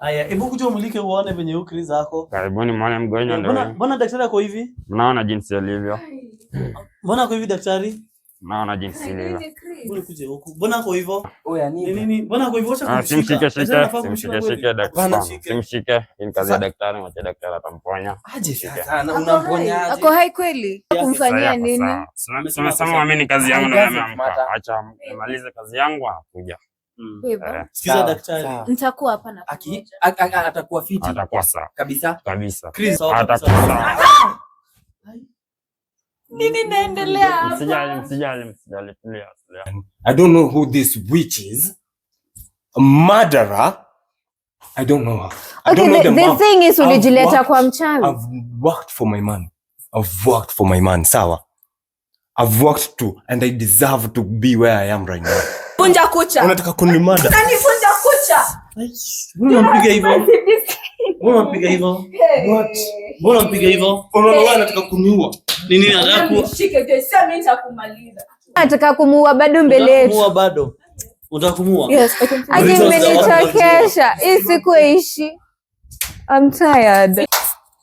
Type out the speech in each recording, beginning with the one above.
Aya, hebu kuja umilike uone venye huyu Chris zako. Karibuni muone mgonjwa ndio. Mbona mbona daktari ako hivi? Mnaona jinsi alivyo. Mbona kwa hivi daktari? Mnaona jinsi alivyo. Mbona kuje huku? Mbona kwa hivyo? Oya nini? Nini? Mbona ako hivyo? Acha kumshika. Simshike shike daktari. Simshike. Ni kazi ya daktari, mwache daktari atamponya. Aje sana unamponya aje? Ako hai kweli? Kumfanyia nini? Sasa sasa mimi ni kazi yangu na mimi. Acha malize kazi yangu akuja. Mm. Eh, Sikiza nitakuwa hapa na atakuwa fiti, atakuwa sawa kabisa kabisa. Nini naendelea hapa? Msijali, msijali, msijali. I don't know who this witch is. A murderer. I don't know her. I don't know the The thing is ulijileta kwa mchawi. I've worked for my man. I've worked for my man. Sawa. I've worked too and I deserve to be where I am right now. Unanikunja kucha. Unataka kunimada. Unanifunja kucha. Mbona unampiga hivyo? Mbona unampiga hivyo? What? Mbona unampiga hivyo? Unaona wewe unataka kuniua. Ni Nini adhabu? ku? Shike je, sasa mimi nitakumaliza. Nataka kumuua bado mbele yetu. Kumuua bado. Unataka kumuua? Yes, okay. Aje mmenichokesha. Hii siku ishi. I'm tired.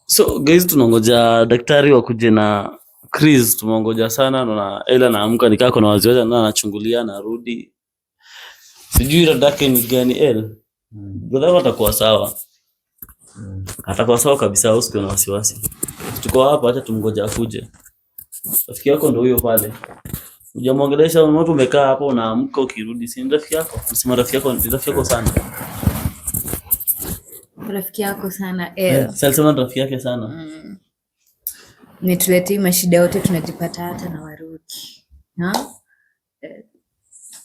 So guys, tunangoja daktari wa kuje na Chris tumeongoja sana na Ela naamka, nikaa kuna waziwazi na anachungulia narudi sijui radake ni gani el hmm. brother atakuwa sawa, hmm. atakuwa sawa kabisa, usikuwe na wasiwasi. Tuko hapa, acha tumngoja akuje. Rafiki yako ndio huyo pale, ujamwongelesha watu. Umekaa hapo unaamka, ukirudi si rafiki yako, msima rafiki yako, rafiki yako sana rafiki yako sana el, eh, sasa rafiki yake sana mm. Nituletee mashida yote tunajipata hata na Waruki na eh,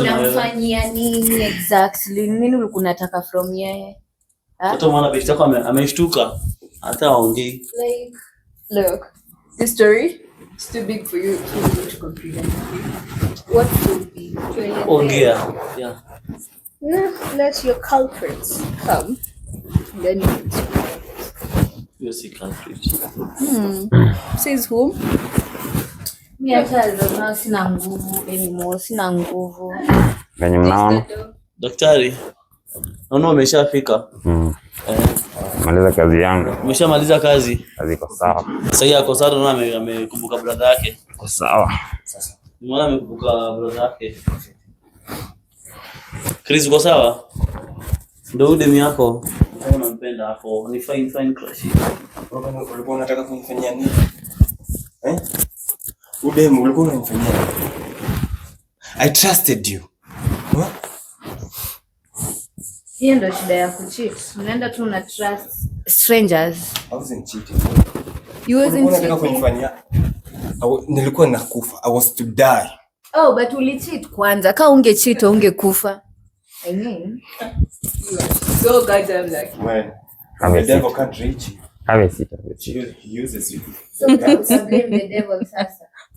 unamfanyia nini exactly? Nini ulikuwa unataka from yeye? Hata mwana besti yako ameshtuka, hata aongei. Like, look, this story is too big for you to comprehend. What to be? Ongea. Yeah. No, let your culprits come. Then you. You see culprits. Hmm. Says whom? Sina nguvu, Venye mnaona daktari, naona umeshafika. Mm. Eh. Maliza kazi yangu. Umeshamaliza kazi? Kazi iko sawa. Sasa hivi ako sawa, naona amekumbuka brother yake. Iko sawa. Sasa. Naona amekumbuka brother yake. Chris, uko sawa? Ndio huyu demu yako. Unampenda hapo. Ni fine fine crush. unataka kumfanyia nini? Eh? Udemu ulikuwa unanifanyia. I trusted you. Huh? Hiyo ndio shida ya kucheat. Unaenda tu una trust strangers. I wasn't cheating. You wasn't cheating. Nilikuwa nakufa. I was to die. Oh, but uli cheat kwanza. Kaa unge cheat au unge kufa. I mean, so goddamn lucky. Well, the devil can't reach you. Amesita. She uses you. So, blame the devil sasa.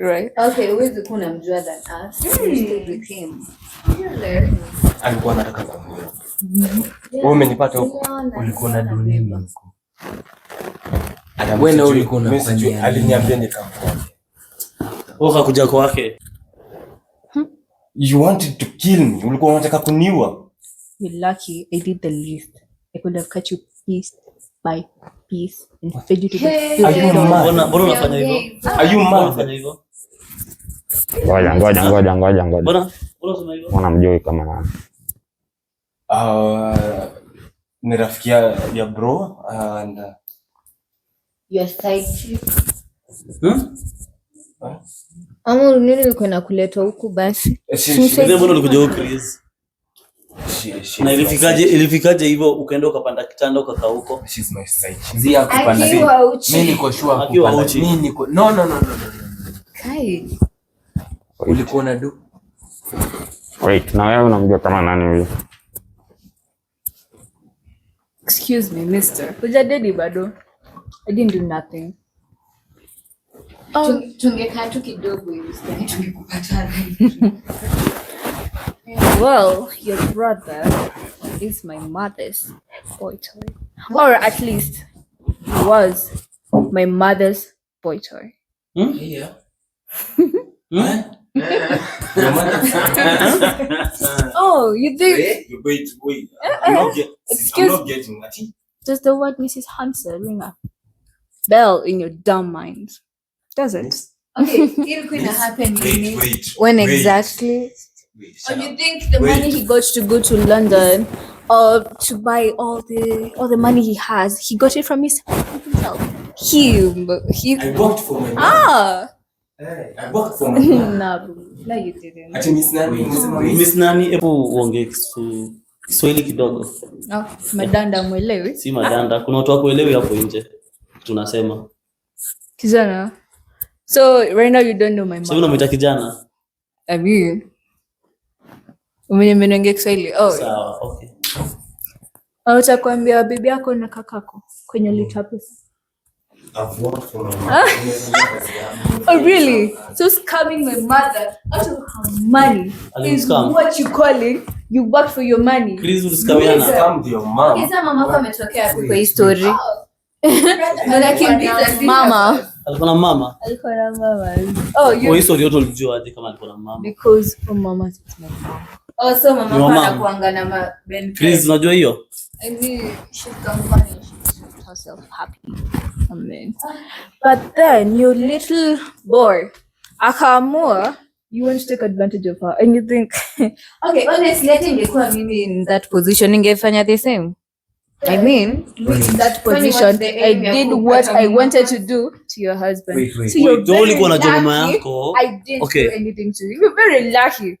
right? Hmm. Alikuwa anataka kumuona. umenipata huko. Ulikuwa na dunia Wewe ulikuwa Aliniambia nikamfuate. Wewe ukakuja kwake. Hmm? You wanted to kill me. Ulikuwa unataka kuniua. You're lucky I did the least. I could have cut you piece by piece and fed you to the. Mbona unafanya hivyo? Are you mad? Ngoja ngoja ngoja ngoja ngoja, Bwana, Bwana mjoi kama nani? Ah, ni rafiki ya ya bro and uh, your side Hmm? ama nini ilikuwa inakuletwa huku basi? Sisi eh, Mbona ulikuja huku Chris? Na ilifikaje ilifikaje hivyo ukaenda ukapanda kitanda ukakaa huko? She's my side Zia kupanda. Mimi niko sure kupanda. Mimi niko no no no no. Kai. Ulikuwa na du? Wait, na wewe unamjua kama nani huyo? Excuse me, mister. Hujadedi bado? I didn't do nothing. Um, tungekaa tu kidogo hivi tungekupata. Well, your brother is my mother's boy toy. Or at least he was my mother's boy toy. Hmm? Yeah. Hmm? oh, you do. You wait, wait. I'm uh, not, uh, get, I'm Excuse- not getting nothing. Does the word Mrs. Hunter ring a bell in your dumb mind? Does it? Okay, deal gonna happen to Wait, wait. When wait, exactly? Wait, Or oh, shut you think the Wait. money he got to go to London or to buy all the all the money he has, he got it from his himself. Him, he. I worked for my money. Ah, Eh, uongee Kiswahili kidogo. Ah, madanda mwelewi? Si madanda, kuna watu wakuelewi hapo nje. Tunasema kijana. So right now you don't know my mom. unamwita kijana? Kiswahili. Oh. Sawa, okay. Ah, utakwambia bibi yako na kakako kwenye oh, really? So scamming my mother out of her money is what you calling you work for your money. will scam your mom. Kisa mama story. Oh. Mama. Alikuwa the mama. Alikuwa mama. Oh, you. story mama? Because oh, mama Oh, so mama unajua hiyo? I mean, she's herself happy something. But then your little boy akaamua you won't take advantage of her and you think okay, honestly, let ingekuwa mimi in that position ningefanya the same. I mean, in that position, I did what I wanted to do to your husband. Wait, wait. So you're very lucky. I didn't okay. do anything to you. You're very lucky.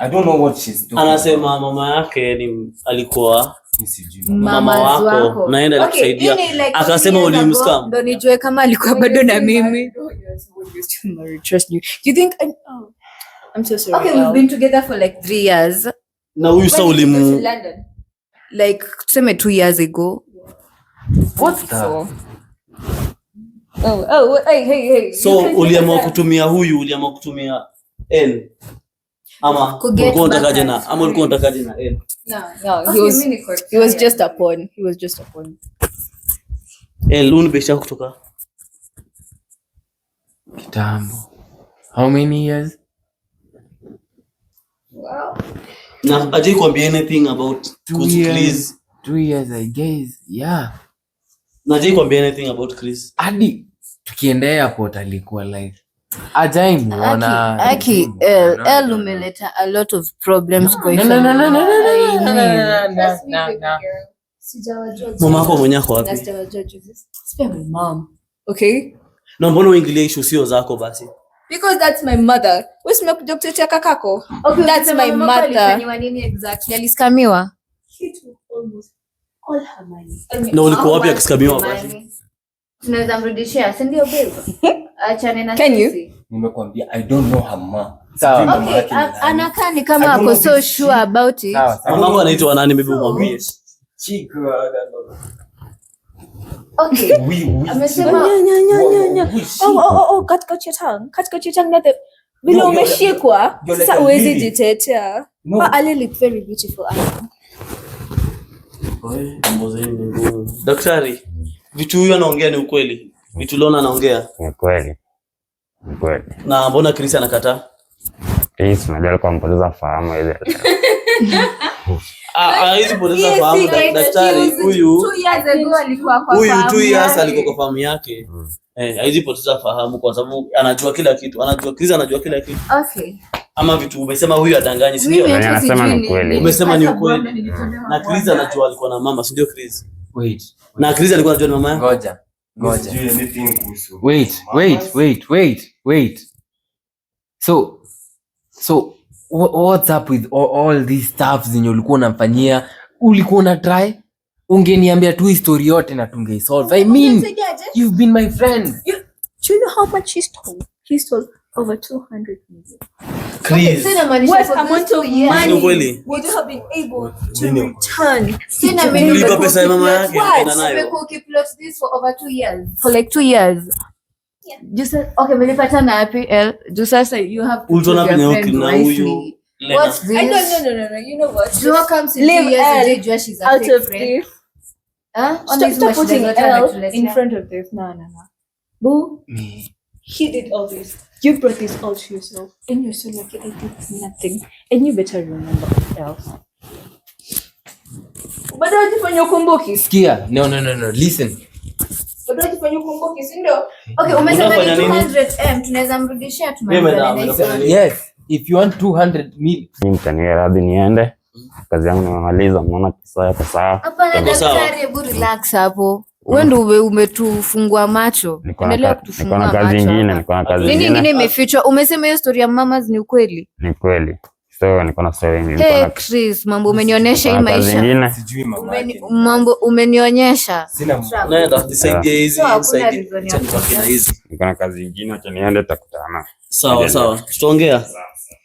I don't know what she's doing. Anasema mama yake ni alikuwa mama wako naenda alikusaidia, akasema ulimscam. nijue kama alikuwa bado na mimi. Na huyu sa ulimu like tuseme two years ago. What's that? Oh, oh, so uliamua kutumia huyu, uliamua kutumia N ama ulikuwa unataka jina ama ulikuwa unataka jina no no he was just a pawn he was just a pawn eh loan besha kutoka kitambo how many years wow na aje kuambia anything about Chris please two years i guess yeah na aje kuambia anything about Chris hadi tukienda airport alikuwa like Aki, eh, L, umeleta a lot of problems kwa mwenye ako wapi? Na mbona uingilie ishu sio zako basi? Because that's my mother. Wewe umekuja kutetea kakako? That's my mother. Aliskamiwa? Na ulikuwa wapi akiskamiwa basi? Tunaweza mrudishia, si ndio babe? achane na I don't know her mom. Sawa. Okay, anakaa ni kama ako so sure about it. Mama anaitwa nani? Mimi mwambie. Uh, oh, oh, oh, vile umeshikwa sasa uwezi jitetea. Ali look very beautiful. Daktari, vitu huyu anaongea ni ukweli. Vituliona mm. anaongea. Ni kweli. Ni kweli. Na mbona Chris anakataa? Chris unajua alikuwa mpoteza fahamu ile. Ah, hawezi poteza fahamu daktari huyu. Huyu two years alikuwa kwa fahamu yake. Mm. Eh, hawezi poteza fahamu kwa sababu anajua kila kitu. Anajua Chris anajua kila kitu. Okay. Ama vitu umesema huyu adanganyi, si ndio? Yaani anasema ni kweli. Umesema ni ukweli. Na Chris anajua alikuwa na mama, si ndio Chris? Wait. Na Chris alikuwa anajua na mama yake. Ngoja. Wait, wait, wait, wait, wait. So, so what's up with all, all these stuff zenye ulikuwa unamfanyia? Ulikuwa una try, ungeniambia tu story yote na tungeisolve. I mean, you've been my friend. You, do you know how much he's told? He's told over 200 million. Mlipata na wapi? Juu sasa He did all this. You brought this all to yourself. And you're so lucky I did nothing. And you better remember else. Bado No, no, no, no. Listen. Mm. Okay, Yes. If you want 200 mil. Mimi niende. Kazi yangu nimemaliza, naona pesa yako sawa. hapo. Wewe mm. ndio umetufungua macho. Endelea kutufungua macho. kazi nyingine, niko na kazi nyingine. Nini nyingine imefichwa? Umesema hiyo story ya mamas ni ukweli? Ni kweli. So niko na story nyingine. Hey Chris, mambo umenionyesha hii maisha. Sijui mama Mambo umenionyesha. Sina mambo. hizi, Niko na kazi nyingine, acha niende Sawa sawa. Tutaongea.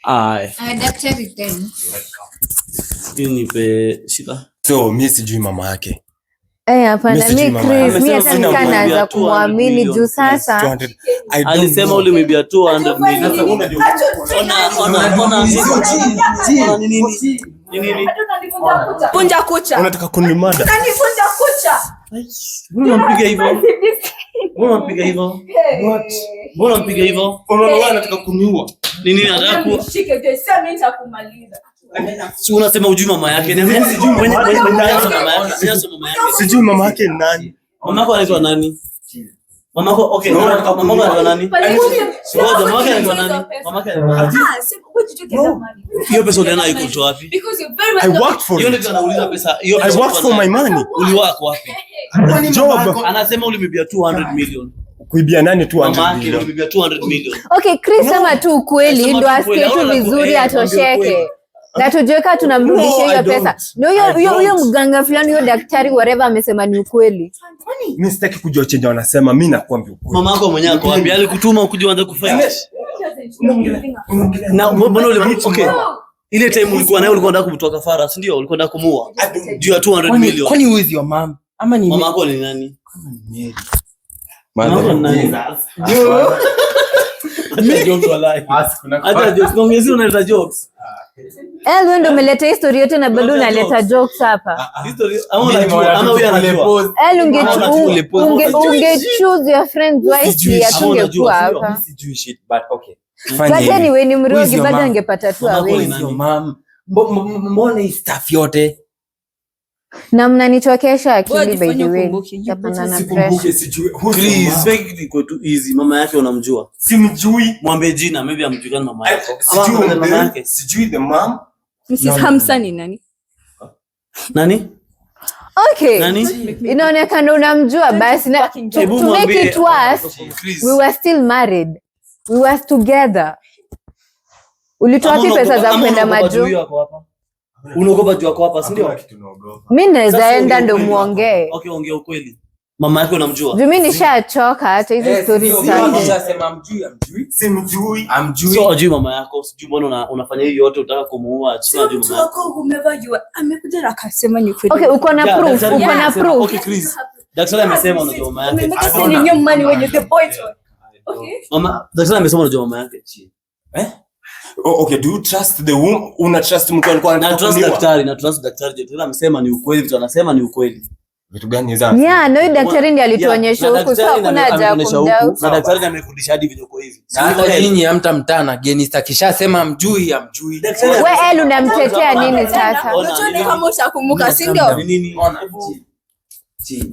Uh, daktari Nipe shida. So mimi sijui mama yake. Eh, hapana, mi Chris, mi hata nikaa naanza kumwamini juu sasa alisema ulimwibia 200 milioni. Punja kucha. Unataka kunimada? Unanipunja kucha. Mbona unampiga hivyo? Mbona unampiga hivyo? What? Mbona unampiga hivyo? Unaona wewe unataka kuniua. Nini nataka Shike je, sasa mimi nitakumaliza. Si unasema ujui mama yake. Sijui mama yake ni nani? Mama yako anaitwa nani? Mama yako okay, mama yako nani? Mama yako anaitwa nani? Mama yako. Hiyo pesa iko wapi? I worked for it. Anauliza pesa. I worked for my money. wapi? Job. Anasema 200 ah. million. Kuibia nani? 200 million. Okay, Chris, sema tu ukweli ndio asikie tu vizuri atosheke na tujiweka tunamrudisha hiyo pesa. Huyo mganga fulani, huyo daktari whatever, amesema ni ukweli. Mimi sitaki kujua chenye wanasema, mimi nakwambia ukweli. Mama yako mwenyewe akwambia, alikutuma ukuje uanze kufanya na mbona ule okay ile time ulikuwa naye ulikuwa unataka kumtoa kafara, si ndio? Ulikuwa unataka kumua. juu ya 200 million. Kwani huyu your mom ama ni mama yako? Ni nani? ni Mama ni nani? Ndio. Hata jokes unaleta jokes. Ah. Elwin eh, ndo eh. umeleta histori yote na bado unaleta jokes hapa. Ah, ah. eh, Unge choose your friends wisely, hatungekuwa hapa. Anyway, ni mrogi bado angepata tu awe. Mbona hii staff yote na mnanichokesha akili by the way. na easy. Mama yake unamjua? Simjui. Mwambie jina, maybe amjulikana eh, mama yake. Mama yake. Sijui the mom. Mrs. Hamsa ni nani? Nani? Okay. Nani? Inaonekana unamjua basi na to make it worse, eh, eh, we were still married. We were together. Ulitoa pesa za kwenda majuu? unaogopa juu yako hapa, si ndio? Mimi naweza enda ndo muongee. Okay, ongea ukweli. Mama yake unamjua? Mimi nishachoka hata hizo eh, stories sio, ajui mama yako, sijui mbona unafanya hiyo yote, utaka kumuua. Okay, uko na proof, uko na proof. Okay, Chris. Daktari amesema unajua mama yake. Daktari amesema unajua mama yake. Eh? okay, do you trust the womb? Una trust mtu alikuwa anataka kunywa? Na trust daktari, na trust daktari je, tena amesema ni ukweli, vitu anasema ni ukweli. Vitu gani hizo? Yeah, no, daktari ndiye alituonyesha huko, sasa kuna haja kumdau. Na daktari ndiye amekufundisha hadi vitu kwa hivi. Sasa hata nyinyi mtana, geni stakisha sema mjui hamjui. Daktari, wewe unamtetea nini sasa? Unachoni kama ushakumbuka, si ndio? Ona.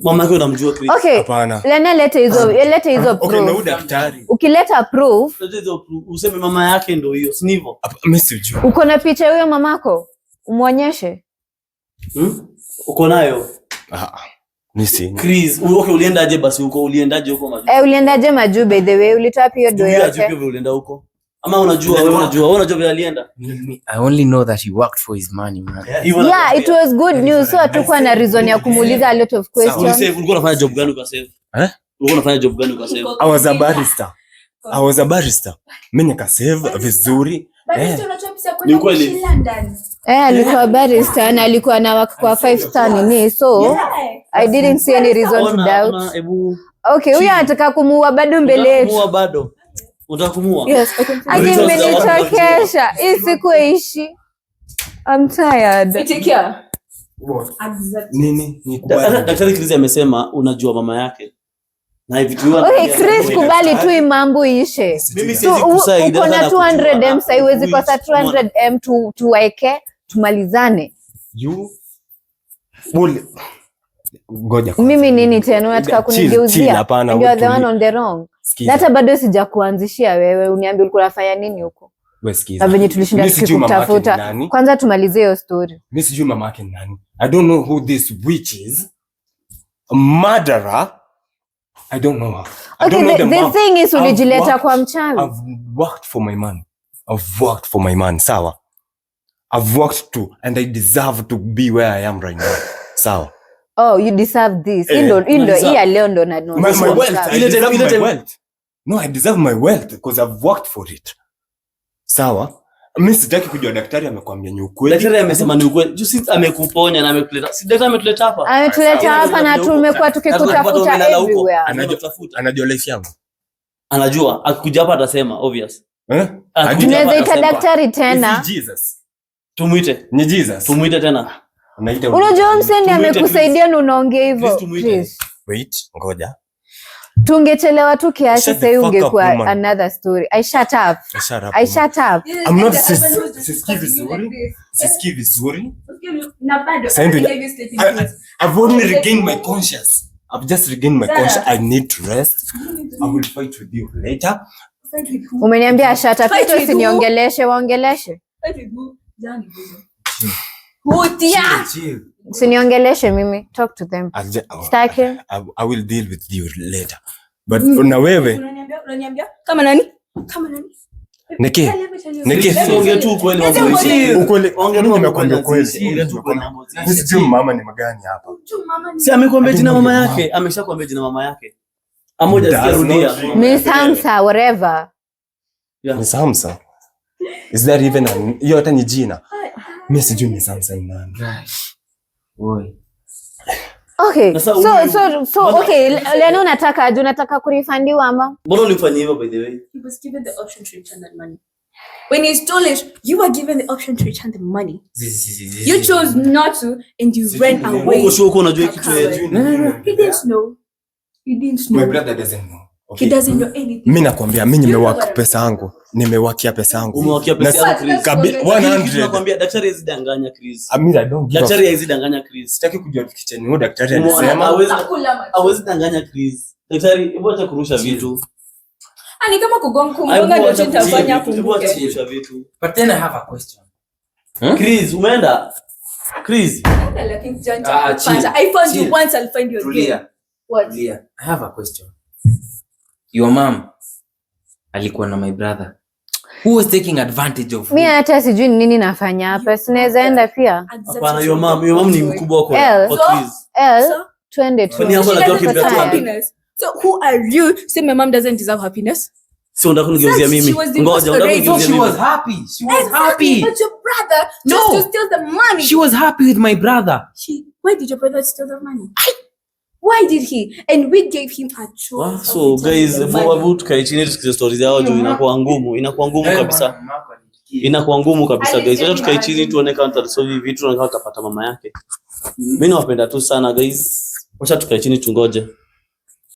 Mama yake unamjua Chris? Okay. Hapana. Lena leta hizo, ah. leta hizo proof. Okay, na huyu daktari. Ukileta proof, leta hizo proof. Useme mama yake ndio hiyo, si ndivyo? Mimi sijui. Uko na picha huyo mamako? Umuonyeshe. Hmm? Uko nayo? Ah. Nisi. Chris, okay, uliendaje basi huko? Uliendaje huko Majube? Eh, uliendaje Majube by the way? Ulitoa hiyo doyo yake. Ulienda huko? Ama unajua wewe unajua wewe unajua vile alienda. I only know that he worked for his money man. Yeah, it was good news. So atakuwa na reason ya kumuuliza a lot of questions. Sasa ulikuwa unafanya job gani ukasema? Eh? Ulikuwa unafanya job gani ukasema? I was a barista. I was a barista. Mimi nikasave vizuri. Eh. eh, alikuwa eh? barista na alikuwa na work kwa five star nini. So I didn't see any reason to doubt. Okay, huyu anataka kumuua bado mbele yetu. Kumuua bado. Utakumua. Yes, mmenichokesha. Hii siku ishi. I'm tired. Daktari Chris amesema unajua mama yake. Na okay, Chris kubali tu mambo ishe. Uko na 200m sasa iwezi 200m tu tuweke tumalizane. Ngoja. Mimi nini tena unataka kunigeuzia? You are the one on the wrong na hata bado sijakuanzishia wewe, uniambie ulikuwa unafanya nini huko na venye tulishinda kutafuta. Kwanza tumalizie hiyo story. Mimi sijui mama yake ni nani. I don't know who this witch is. A murderer. I don't know her. I don't know the the thing is ulijileta kwa mchawi. I've worked for my man. I've worked for my man. Sawa. I've worked too and I deserve to be where I am right now. Sawa oh you deserve this eh, indo indo hii leo ndo na my, my wealth ile tena ile tena no i deserve my wealth because i've worked for it sawa mimi sitaki kujua daktari amekwambia ni ukweli. Daktari amesema ni ukweli. Juu sisi amekuponya na amekuleta. Si daktari ametuleta hapa. Ametuleta hapa na tumekuwa tukikutafuta everywhere. Anajutafuta. Anajua life yangu. Anajua akikuja hapa atasema obvious. Eh? Tunaweza ita daktari tena. Jesus. Tumuite. Ni Jesus. Tumuite tena. Ule Johnson amekusaidia na unaongea hivyo. Wait, ngoja. Tungechelewa tu kiasi sasa hivi ungekuwa another story. I shut up. I shut up. I shut up. I'm not sisiki vizuri. Sisiki vizuri. Na bado I've only regained my conscience. I've just regained my conscience. I need to rest. I will fight with you later. Umeniambia shut up. Usiniongeleshe, waongeleshe. Fight with usiniongeleshe mimi, talk to them. Sitaki. Oh, I will deal with you later. But na wewe kama nani? Kama nani? Niki. Niki. Ongea tu kweli. Ukweli. Ongea tu nimekuambia kweli. Sijui mama ni magani hapa. Si amekwambia jina mama yake, ameshakwambia jina mama yake. Amoja sijarudia. Miss Samsa whatever. Miss Samsa. Is that even hiyo hata ni jina? Mimi sijui ni Samsung nani. Okay. So so so okay, leo unataka aje? Unataka kurifandiwa ama? Mbona ulifanya hivyo by the way? He was given the option to return that money. When he stole it, you were given the option to return the money. You chose not to and you ran away. Wewe Unajua kitu He didn't know. He didn't know. My brother doesn't know. Okay. He doesn't know anything. Mimi nakwambia mimi nimewaka pesa yangu nimewakia pesa yangu. Umewakia pesa yangu 100. Nakwambia daktari hizi danganya Chris. Amira don't give. Daktari hizi danganya Chris. Sitaki kujua kitchen daktari Hawezi danganya Chris. Daktari hebu acha kurusha vitu. Ani ah, kama kugonga kumgonga ndio But then I have a question. Hmm? Chris, umeenda? Chris. Ah, ah, I found you once, I'll find you again. What? I have a question. Your mom alikuwa na my brother Who was taking advantage of me? Hata sijui nini nafanya hapa, sinaweza enda pia. Hapana, your mom, your mom ni mkubwa kwa L, twende tu. So who are you? Say my mom doesn't deserve happiness. So mimi. Ngoja, She was happy. She was happy. But your brother just to steal the money. She was happy with my brother. She, why did your brother steal the money? I Why did he? And we gave him a choice. So guys, hebu tukae chini tusikize stories zao juu inakuwa ngumu, inakuwa ngumu kabisa. Inakuwa ngumu kabisa guys. Acha tukae chini tuone kama tutasolve vitu na kama tutapata mama yake. Mimi nawapenda tu sana guys. Acha tukae chini tungoje.